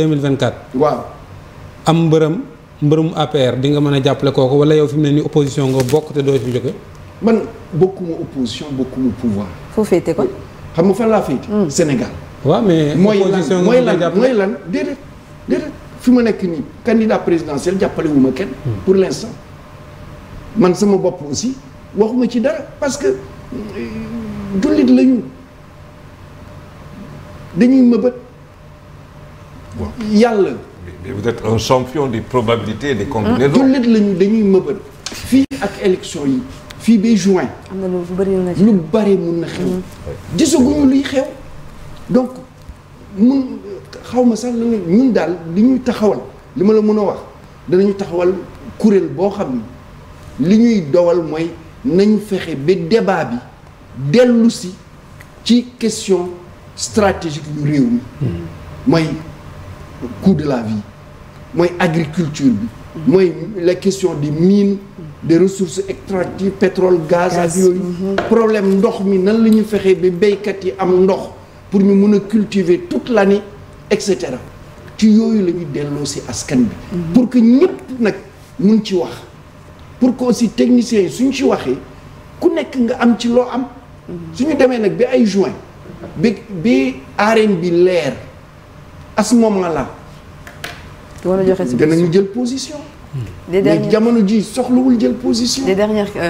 2024 waaw am mbërëm mbërëm APR di nga mën a jàppale kooku wala yow fi mu ne ni opposition nga bokk te doo ci jóge man bokkuma opposition bokkuma pouvoir. foo féete kon. xam nga fan laa féete. Hmm. Sénégal. waaw mais opposition nga mooy lan mooy lan déedéet déedéet fi ma nekk nii candidat présidentiel jàppale wu ma kenn. Hmm. pour l' man sama bopp aussi waxuma ci dara parce que euh, jullit la dañuy mëbët. yàlla. mais vous êtes un champion des probabilités des combinaisons. jullit lañu dañuy mëbat fii ak élection yi fii ba juin. am na lu bëri na lu bëri mun na xew. gisaguñu luy xew. donc mun xaw ma sax lu ñun daal li ñuy taxawal li ma la mën a wax danañu taxawal kuréel boo xam ne li ñuy dowal mooy nañu fexe ba débat bi dellusi ci question stratégique yu réew mi. Hmm. mooy. coût de la vie mooy agriculture bi mooy la question des mines des ressources extractives pétrole gaz ak yooyu mhm. problème ndox mi nan la ñu fexee ba béykat yi am ndox pour ñu mun a cultiver toute l'année et cetera ci yooyu lañuy ñu delloo si askan bi mhm. pour que ñëpp nag mun ci wax pour que aussi techniciens yi suñ ci waxee ku nekk nga am ci loo am mhm. ñu demee nag bi ay juin bi bi arène bi leer à ce di war a joxe si gën a ñu jël position. des derniers mais jamono ji soxlawul jël position. des dernières euh,